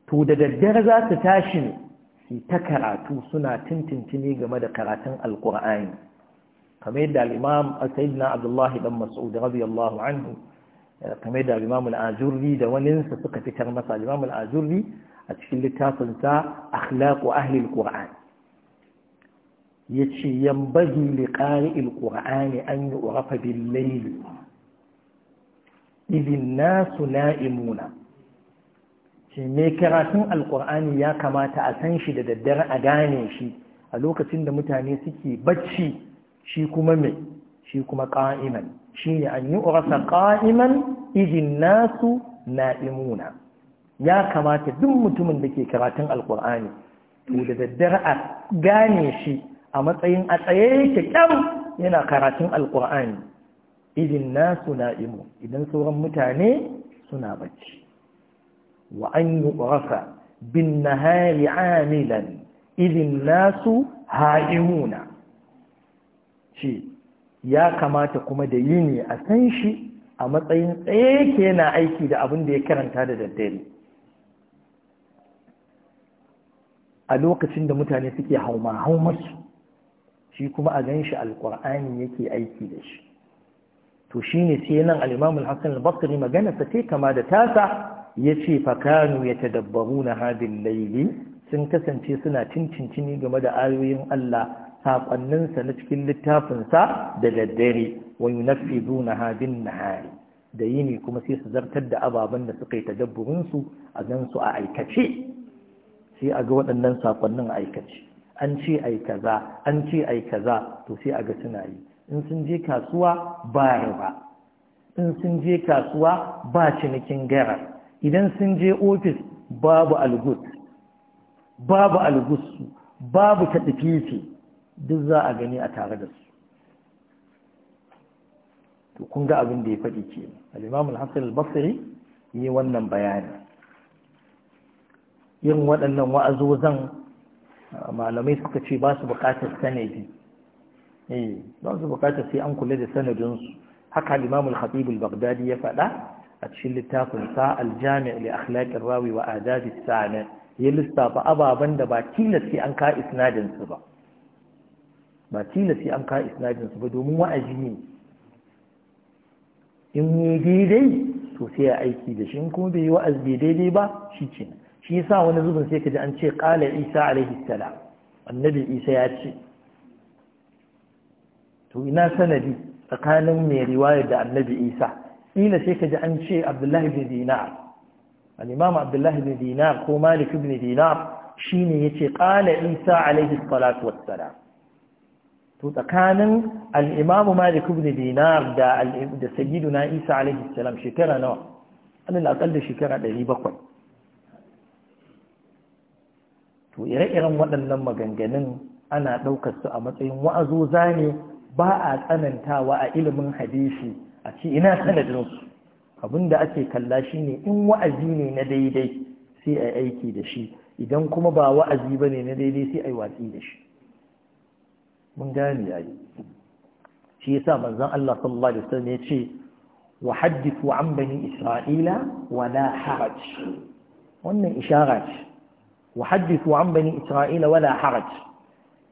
[SPEAKER 1] to da daddare za su tashi su ta karatu suna tintintini game da karatun alkur'ani kamar yadda al'imam sayyidina abdullahi dan mas'ud radiyallahu anhu kamar yadda al'imam al'ajurri da waninsa suka fitar masa al'imam al'ajurri a cikin littafin sa akhlaqu ahli alkur'ani yace yambagi liqari alkur'ani an yu'rafa bil layl idin nasu na'imuna shi mai karatun alkur'ani ya kamata a san shi da daddare a gane shi a lokacin da mutane suke bacci shi kuma mai shi kuma ƙa'iman shi ne an yi urasa ƙa'iman idin nasu na'imuna ya kamata duk mutumin da ke karatun alkur'ani to da daddare a gane shi a matsayin a tsaye yake kyan yana karatun alkur'ani idin nasu na'imu idan sauran mutane suna bacci وأن يؤرف بالنهار عاملا إذ الناس هائمون شيء ya kamata kuma da yi ne a san shi a matsayin tsaye ke yana aiki da abun da ya karanta da daddare a lokacin da mutane suke hauma haumarsu shi kuma a gan shi alkur'ani yake aiki da shi to shine ne sai nan al'imamul hassan al-bakari magana sa ce kama da tasa ya ce fakanu ya tadabbaru na hadin laili sun kasance suna cincincini game da ayoyin Allah saƙonninsa na cikin littafinsa da daddare wa yunaffizu na hadin nahari da yini kuma sai su zartar da ababen da suka yi tadabburinsu a gan su a aikace sai a ga waɗannan saƙonnin aikace an ce a kaza an ce kaza to sai a ga suna yi in sun je kasuwa ba riba in sun je kasuwa ba cinikin gara idan sun je ofis babu algus babu algus babu ta taɗififi duk za a gani a tare da su to kun ga abin da ya faɗi ke al'imamul hassan al-basri yi wannan bayani yin waɗannan wa'azozan malamai suka ce ba su buƙatar sanadi eh, ba su buƙatar sai an kula da sanadinsu haka al'imamul al bagdadi ya faɗa a cikin littafin sa aljami' li akhlaqir rawi wa adabi sa'ana ya lissafa ababan da ba tilasi an ka isnadin su ba ba tilasi an ka isnadin su ba domin wa'azi ne in yi daidai to sai ya aiki da shi in kuma bai yi wa'azi daidai ba shi kenan shi yasa wani zubin sai kaji an ce qala isa alaihi salam annabi isa ya ce to ina sanadi tsakanin mai riwayar da annabi isa kila sai ka ji an ce abdullahi ibn dinar al-imam abdullahi ibn dinar ko malik ibn dinar shine yace qala isa alaihi salatu wassalam to tsakanin al-imam malik ibn dinar da da sayyiduna isa alaihi salam shekara nawa alal aqal da shekara 700 to ire-iren waɗannan maganganun ana ɗaukar su a matsayin wa'azo zane ba a tsanantawa a ilimin hadisi a ce ina sanadinsu abin da ake kalla shi ne in wa'azi ne na daidai sai a aiki da shi idan kuma ba wa'azi ba ne na daidai sai a yi watsi da shi mun gane ya yi shi sa manzan Allah sallallahu alaihi wasallam ya ce wa haddifu an bani isra'ila wa la haraj wannan ishara ce wa haddifu an bani isra'ila wa la haraj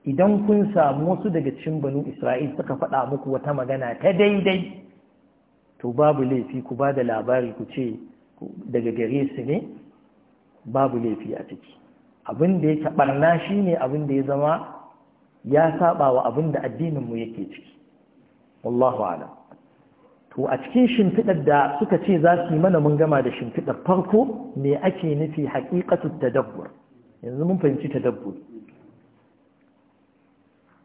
[SPEAKER 1] idan kun samu wasu daga cikin banu isra'ila suka faɗa muku wata magana ta daidai to babu laifi ku ba da labari ku ce daga gare su ne babu laifi a ciki abin da yake barna shi ne abin da ya zama ya saba wa abin da addininmu yake ciki wallahu alam to a cikin shimfiɗar da suka ce za su yi mana mun gama da shimfiɗar farko me ake nufi haƙiƙatu tadabbur yanzu mun fahimci tadabbur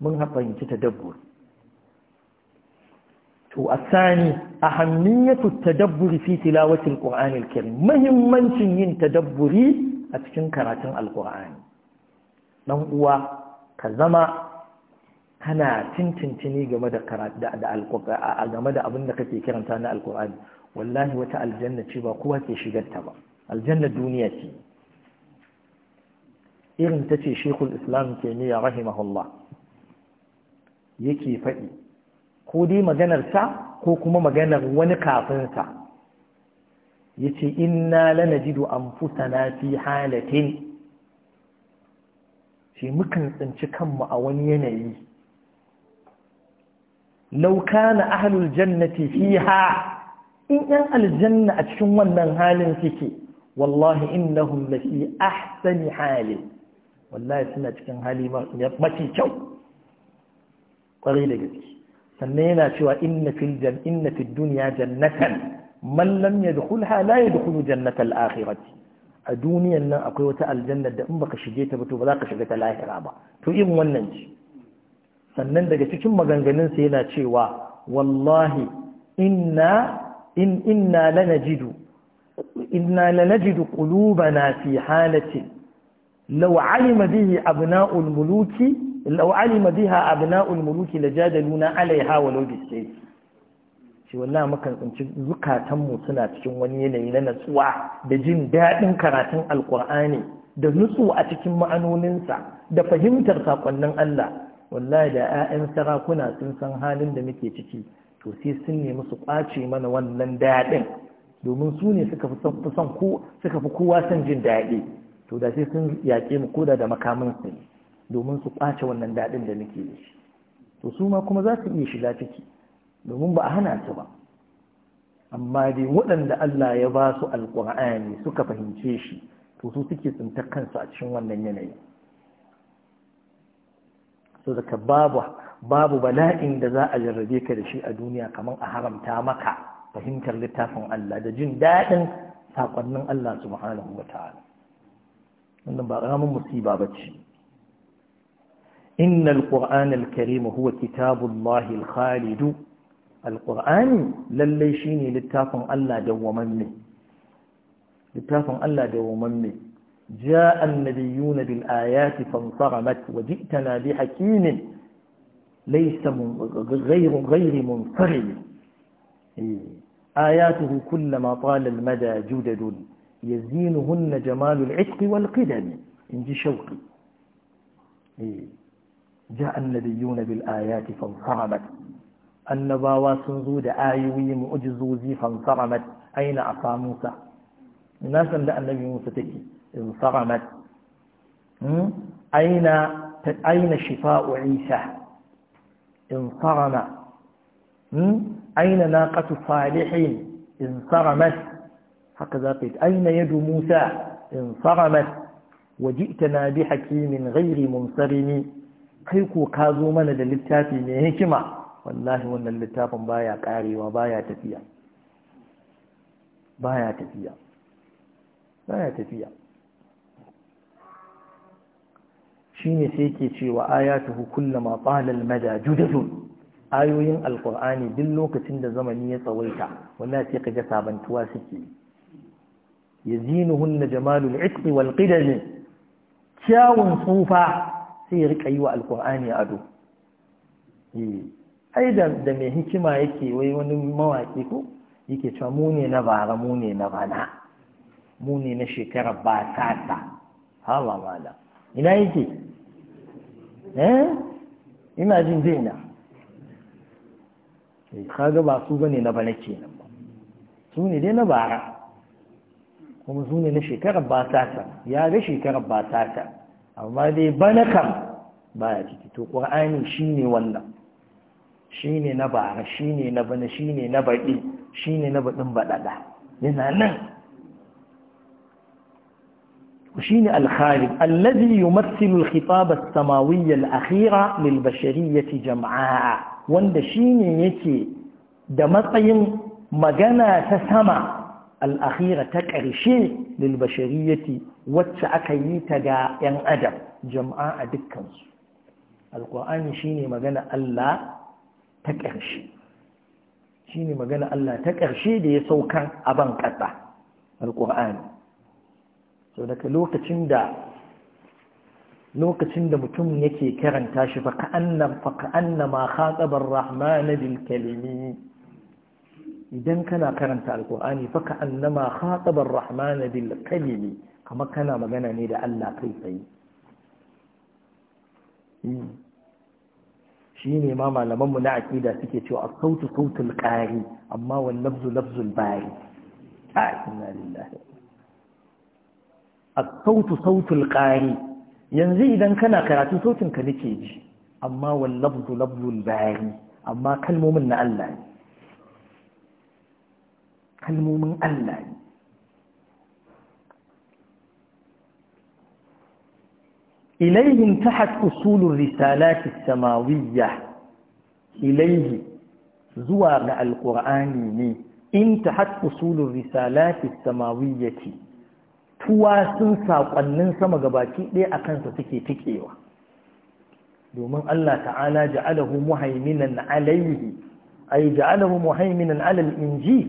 [SPEAKER 1] mun fahimci tadabbur to a sani ahammiyatu tadabburi fi tilawati alqur'ani alkarim muhimmancin yin tadabburi a cikin karatun alqur'ani dan uwa ka zama kana tintintini game da karatu da game da abin da kake kiranta na alqur'ani wallahi wata aljanna ce ba kowa ke shigar ta ba aljanna duniya ce irin ta ce shekul islam ke ya rahimahullah yake faɗi ko dai maganarsa ko kuma maganar wani kafinsa ya ce inna lanajidu anfusana fi halatin ce mukan tsinci kanmu a wani yanayi lau kana ahlul jannati fiha in yan aljanna a cikin wannan halin suke wallahi innahum lafi ahsani hali wallahi suna cikin hali mafi kyau ƙwarai da gaske sannan yana cewa inna fil jan inna fid dunya jannatan man lam yadkhulha la yadkhulu jannatal akhirati a duniyan nan akwai wata aljanna da in baka shige ta ba to ba za ka shiga ta lahira ba to in wannan ce sannan daga cikin maganganun sa yana cewa wallahi inna in inna lanajidu inna lanajidu qulubana fi halatin law alima bihi abna'ul muluki lau alima biha abna'ul muluki lajadaluna alaiha walau bisayf ce wallahi mukan tsinci zukatanmu suna cikin wani yanayi na natsuwa da jin daɗin karatun alkur'ani da nutsu a cikin ma'anoninsa da fahimtar sakonnin Allah wallahi da 'ya'yan sarakuna sun san halin da muke ciki to sai sun nemi su kwace mana wannan daɗin domin su ne suka fi kowa son jin daɗi to da sai sun yaƙe mu koda da makamin domin su ɓace wannan daɗin da nake da shi to su ma kuma za su iya shiga ciki domin ba a hana su ba amma dai waɗanda Allah ya ba su alƙur'ani suka fahimce shi to su suke tsinta kansu a cikin wannan yanayi so daga babu babu bala'in da za a jarrabe ka da shi a duniya kamar a haramta maka fahimtar littafin Allah da jin daɗin saƙonnin Allah subhanahu wa ta'ala wannan ba ƙaramin musiba ba ce إن القرآن الكريم هو كتاب الله الخالد القرآن لليشيني شيني لتافن ألا دومني لتافن ألا دومني جاء النبيون بالآيات فانصرمت وجئتنا بحكيم ليس من غير غير منفرد إيه. آياته كلما طال المدى جدد يزينهن جمال العتق والقدم إن شوقي إيه جاء النبيون بالآيات فانصرمت النباوات سنزود آيوي مؤجزوزي فانصرمت أين أصى موسى الناس عند النبي موسى تجي انصرمت أين أين شفاء عيسى انصرم أين ناقة صالحين انصرمت هكذا قلت أين يد موسى انصرمت وجئتنا بحكيم غير منصرم kai ko ka zo mana da littafi mai hikima wallahi wannan littafin baya karewa baya tafiya baya tafiya baya tafiya shine sai yake cewa ayatuhu kullama qala al-mada judadun ayoyin alqur'ani duk lokacin da zamani ya tsawaita wallahi sai kaga sabantuwa suke yazinuhunna jamalul itqi wal qidaj kyawun tsufa sai ya rika yi wa alkur'ani ado eh, ai da mai hikima yake wai wani mawaƙi ko yake cewa mu ne na bara mu ne na bana mu ne na shekarar ba ta hawa mala ina yake eh ina jin daina eh, kaga ba su bane na bana kenan ba su ne dai na bara kuma su ne na shekarar ba ta ya ga shekarar ba ta. amma dai bana kam baya ciki to ƙur'ani shine wannan shine na bara shine na bana shine na baɗi ne na baɗin baɗaɗa yana nan وشين الخالد الذي يمثل الخطاب السماوي الأخير yake da matsayin شين يكي دمطين مجانا تسمع الأخيرة تكرشي للبشرية wacce aka yi ta ga 'yan adam jama'a a dukkansu alƙwa'ani shi ne magana Allah ta ƙarshe shi ne magana Allah ta ƙarshe da ya saukan ban ƙasa alƙwa'ani sau daga lokacin da lokacin da mutum yake karanta shi faƙa'anna ma haɗabar rahmanu bil kalimi idan kana karanta alƙwa'ani faƙa'anna ma haɗabar rahmanu bil kalimi kamar kana magana ne da Allah kai tsaye hmm. shi ne ma malamanmu na aƙida suke cewa a sautu sautul ƙari amma wani lafzu lafzul bari ta ina lillahi a sautu sautul ƙari yanzu idan kana karatu sautinka nake ji amma wani lafzu lafzul bari amma kalmomin na Allah ne kalmomin Allah ne إليهم تحت أصول الرسالات السماوية إليه زواغ القرآن إن تحت أصول الرسالات السماوية tuwasun saƙonnin sama ga gabaki ɗaya a kansa suke tikewa domin Allah ta'ala ja'alahu muhaiminan Ai ay ja'alahu muhaiminan alal inji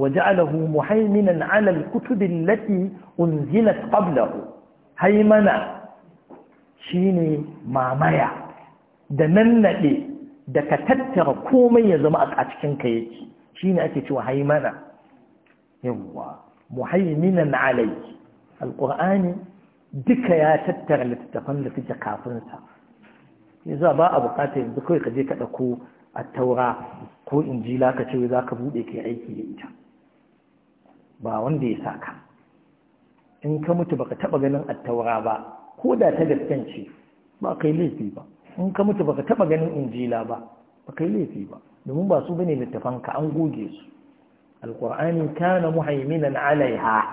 [SPEAKER 1] wa ja'alahu muhaiminan alal kutubin lati unzilat qablahu haimana Shi ne mamaya da nannaɗe da ka tattara komai ya zama a cikin ka yake shine ake cewa haimana yawwa muhaiminan alai alqur'ani duka ya tattara littattafan da suke kafin sa yanzu ba a bukatar yanzu kawai ka je ka ko a taura ko injila ka ce za ka buɗe ka aiki da ita ba wanda ya saka in ka mutu baka taɓa ganin attaura ba ko da ta gaskance ba kai laifi ba in ka mutu baka taba ganin injila ba ba kai laifi ba domin ba su bane littafan ka an goge su alqur'ani kana muhaiminan alaiha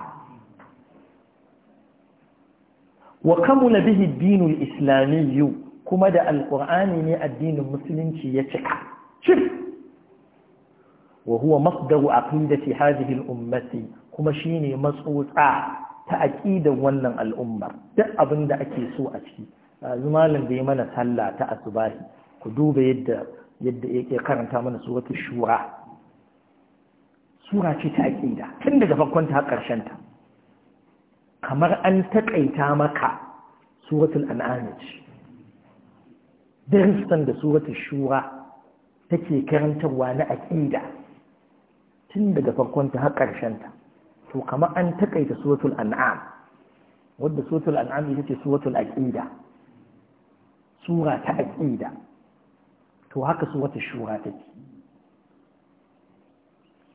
[SPEAKER 1] wa kamula bihi ad-din al-islamiyyu kuma da alqur'ani ne addinin musulunci ya cika cif wa huwa masdaru aqidati hadhihi al-ummati kuma shine matsotsa ta aƙidan wannan al'ummar duk abin da ake so a ciki malam da ya mana sallah ta asubahi ku duba yadda yadda ya karanta mana suratul shura sura ce ta aqida tun daga farkon ta karshen ta kamar an taƙaita maka suratul an'am ce darussan da suratul shura take karantarwa na aƙida tun daga farkon ta har ta to kama an takaita suratul an'am wadda suratul an'am ita ce suratul aqida sura ta aqida to haka suratul shura take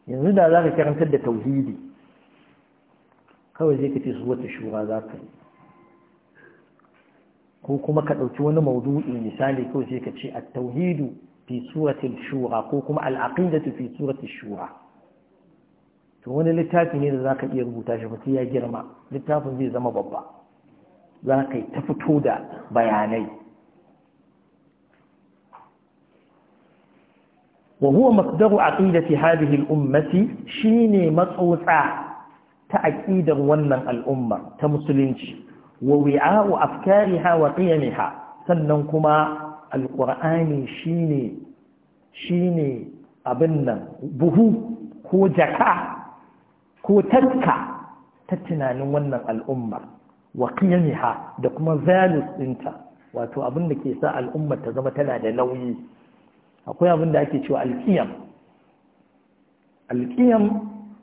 [SPEAKER 1] yanzu da za ka karantar da tauhidi kawai zai ka ce suratul shura za ka yi ko kuma ka ɗauki wani maudu'i misali kawai zai ka ce at-tauhidu fi suratul shura ko kuma al-aqidatu fi suratul shura to wani littafi ne da za ka iya rubuta shi sai ya girma littafin zai zama babba za ka yi ta fito da bayanai wa huwa masdaru aqidati hadhihi al-ummati shine matsotsa ta aqidar wannan al'umma ta musulunci wa wi'a'u afkariha wa qiyamiha sannan kuma alqur'ani shine shine abin nan buhu ko jaka ko taska ta tunanin wannan al'umma wa da kuma values ɗinta wato abin da ke sa al'ummar ta zama tana da nauyi akwai abin da ake cewa alƙiyam alƙiyam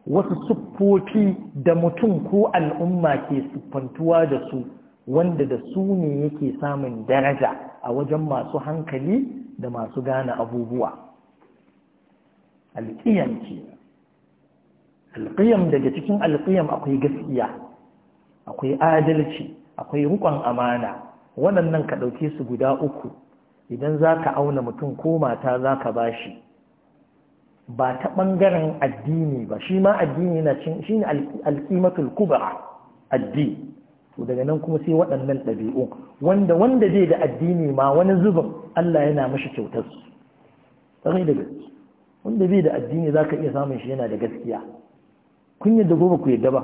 [SPEAKER 1] wasu siffofi da mutum ko al'umma ke siffantuwa da su wanda da su ne yake samun daraja a wajen masu hankali da masu gane abubuwa alƙiyam ce alƙiyam daga cikin alƙiyam akwai gaskiya akwai adalci akwai rukon amana waɗannan ka ɗauke su guda uku idan za ka auna mutum ko mata za ka ba shi ba ta ɓangaren addini ba shi ma addini na cin shi ne alƙimatul kubra addini to daga nan kuma sai waɗannan ɗabi'u wanda wanda zai da addini ma wani zubin Allah yana mashi kyautar su da gaske wanda bai da addini za ka iya samun shi yana da gaskiya kun yadda gobe ku yadda ba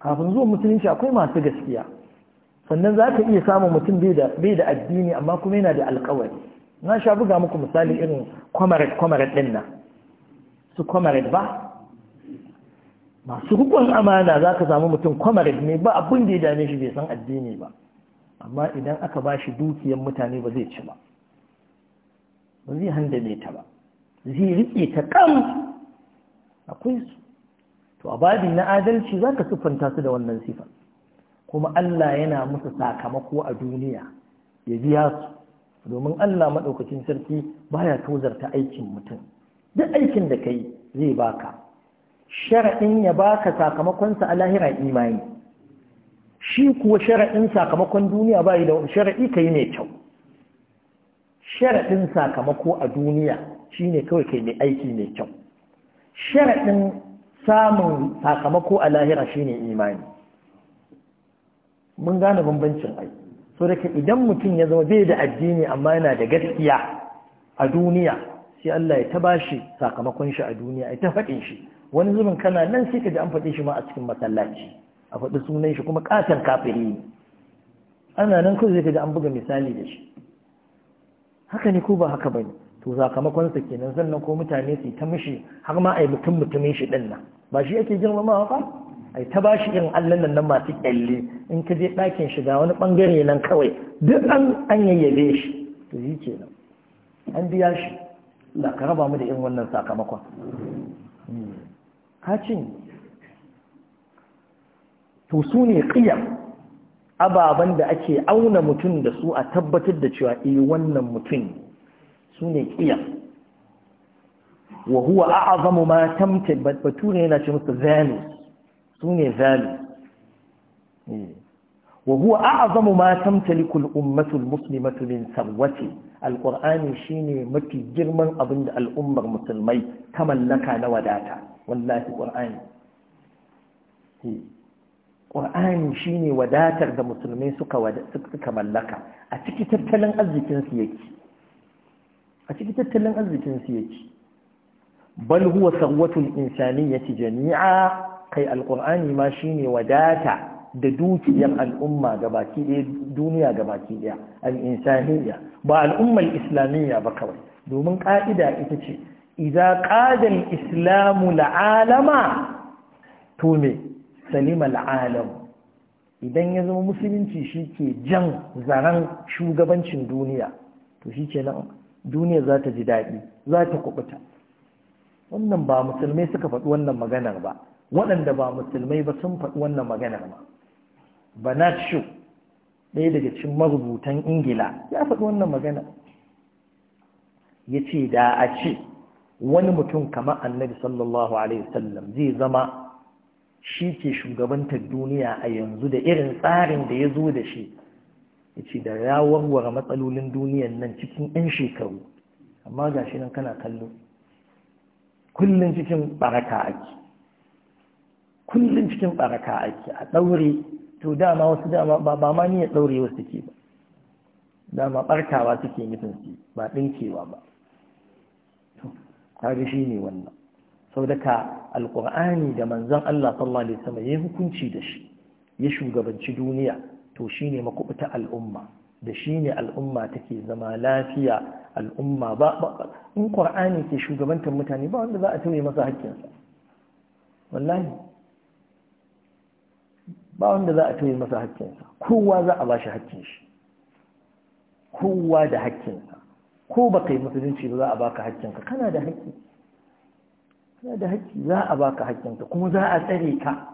[SPEAKER 1] kafin zuwa musulunci akwai masu gaskiya sannan za ka iya samun mutum bai da addini amma kuma yana da alkawari na sha buga muku misali irin kwamarat ɗin nan su kwamarat ba masu hukun amana za ka samu mutum kwamarat ne ba abin da ya dame shi bai san addini ba amma idan aka ba shi dukiyar mutane ba zai ci ba ba zai handame ta ba zai riƙe ta kam akwai su to a babin na adalci za ka siffanta su da wannan sifa kuma Allah yana musu sakamako a duniya ya biya su domin Allah maɗaukacin sarki baya tozarta aikin mutum duk aikin da kai zai baka shara'in ya baka sakamakonsa a lahira imani shi kuwa shara'in sakamakon duniya yi da shara'i yi mai kyau Shara'in sakamako a duniya shine kawai kai mai aiki mai kyau sharaɗin samun sakamako a lahira shine imani mun gane bambancin ai so da idan mutum ya zama bai da addini amma yana da gaskiya a duniya sai Allah ya ta shi sakamakon shi a duniya ya ta shi wani zubin kana nan sai ka ji an faɗe shi ma a cikin masallaci a faɗi sunan shi kuma ƙaton kafiri ne ana nan kawai zai ka ji an buga misali da shi haka ne ko ba haka ba ne to sakamakon sa kenan sannan ko mutane su ta mishi har ma ai mutum mutumin shi din nan ba shi yake girmama ba ai ta bashi irin allan nan nan masu kyalle in ka je ɗakin shiga wani bangare nan kawai duk an an yayyabe shi to shi kenan an biya shi da ka raba mu da irin wannan sakamakon kacin to su ne ƙiyar ababen da ake auna mutum da su a tabbatar da cewa eh wannan mutum su ne ƙiyar wa huwa a'azamu ma tamkin bature yana ce musu values su ne values eh. wa huwa a'azamu ma tamtaliku al-ummatu al-muslimatu min sarwati Alƙur'ani qurani shine mafi girman abin da al'ummar musulmai ta mallaka na wadata wallahi qur'ani ƙur'ani eh. shine wadatar da musulmai suka mallaka a ciki tattalin arzikinsu yake a cikin tattalin arzikin su yake bal huwa sarwatul insaniyati jami'a kai alqur'ani ma shine wadata da dukiyar al'umma gabaki ɗaya duniya gabaki ɗaya al'insaniya ba al'ummar islamiyya ba kawai domin ƙa'ida ita ce idan ƙadar islamu la'alama to me salima la'alam idan ya zama musulunci shi ke jan zaren shugabancin duniya to shi ke nan duniya za ta ji daɗi za ta kubuta wannan ba musulmai suka faɗi wannan maganar ba waɗanda ba musulmai ba sun faɗi wannan maganar ba bernard shaw ɗaya daga cikin marubutan ingila ya faɗi wannan magana ya ce da a ce wani mutum kamar annabi sallallahu alaihi sallam zai zama shi ke shugabantar duniya a yanzu da irin tsarin da ya zo da shi yace da ya warware matsalolin duniyan nan cikin 'yan shekaru amma ga shi nan kana kallo kullum cikin baraka ake kullum cikin baraka ake a ɗaure to dama wasu dama ba ma ni ya ɗaure wasu ke ba dama ɓarkawa suke nufin su ba kewa ba kaga shi ne wannan sau da ka alƙur'ani da manzan Allah sallallahu alaihi wasallam ya yi hukunci da shi ya shugabanci duniya to shine makubuta al'umma da shine al'umma take zama lafiya al'umma ba in qur'ani ke shugabantar mutane ba wanda za a tume masa haƙƙinsa wallahi ba wanda za a tume masa haƙƙinsa kowa za a bashi haƙƙin shi kowa da haƙƙinsa ko ba yi musulunci ba za a baka haƙƙinka kana da haƙƙi kana da haƙƙi za a baka haƙƙinka kuma za a tsare ka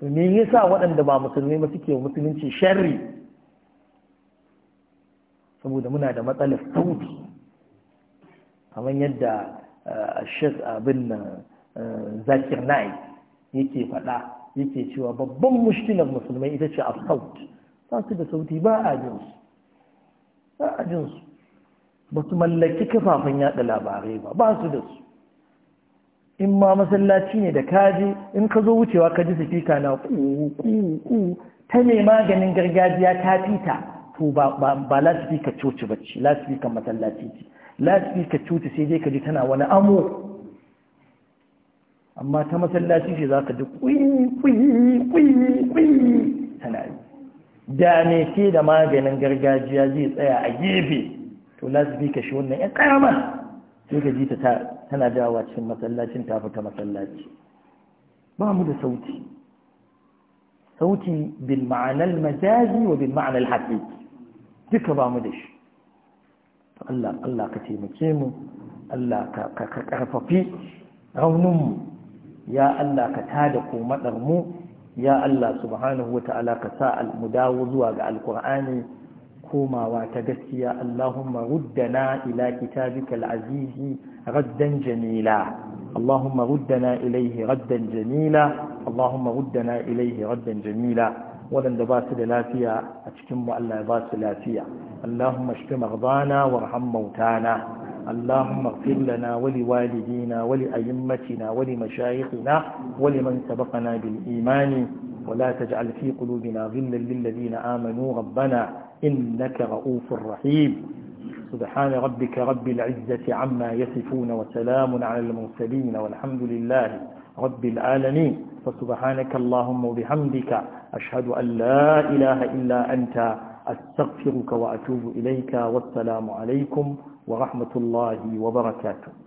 [SPEAKER 1] to me yasa waɗanda ba musulmi ba suke musulunci sharri saboda muna da matsalar sauti kamar yadda eh, shek abin na eh, zakir nai yake faɗa yake cewa babban mushkilar musulmai ita ce a sauti ba su da sauti ba a jinsu ba a jinsu ba su mallaki kafafen yaɗa labarai ba ba su da su in ma masallaci ne da kaji in ka zo wucewa ka ji sifika na ku ta mai maganin gargajiya ta fita to ba lasifika coci ba ce lasifikan masallaci ce lasifika coci sai dai ka ji tana wani amo amma ta masallaci ce za ka ji kuyi-kuyi-kuyi tana yi da me ke da maganin gargajiya zai tsaya a gefe to lasifika shi wannan ya karama sai ka ji ta tana dawowa cikin masallacin ta fita masallaci ba mu da sauti sauti bil ma'anar majazi wa bin ma'anar haƙiƙi duka ba mu da shi Allah Allah ka taimake mu Allah ka ƙarfafi rauninmu ya Allah ka tada komadar mu ya Allah subhanahu wa ta'ala ka sa mu dawo zuwa ga alkur'ani komawa ta gaskiya Allahumma ruddana ila kitabikal azizi raddan jamila Allahumma ruddana ilaihi raddan jamila Allahumma ruddana ilaihi raddan jamila wadanda ba su da lafiya a cikin mu Allah ba su lafiya Allahumma shfi maghdana warham mautana Allahumma ighfir lana wa liwalidina wa liayyimatina wa limashayikhina wa liman sabaqana bil imani ولا تجعل في قلوبنا غلا للذين امنوا ربنا إنك رؤوف رحيم سبحان ربك رب العزة عما يصفون وسلام على المرسلين والحمد لله رب العالمين فسبحانك اللهم وبحمدك أشهد أن لا إله إلا أنت أستغفرك وأتوب إليك والسلام عليكم ورحمة الله وبركاته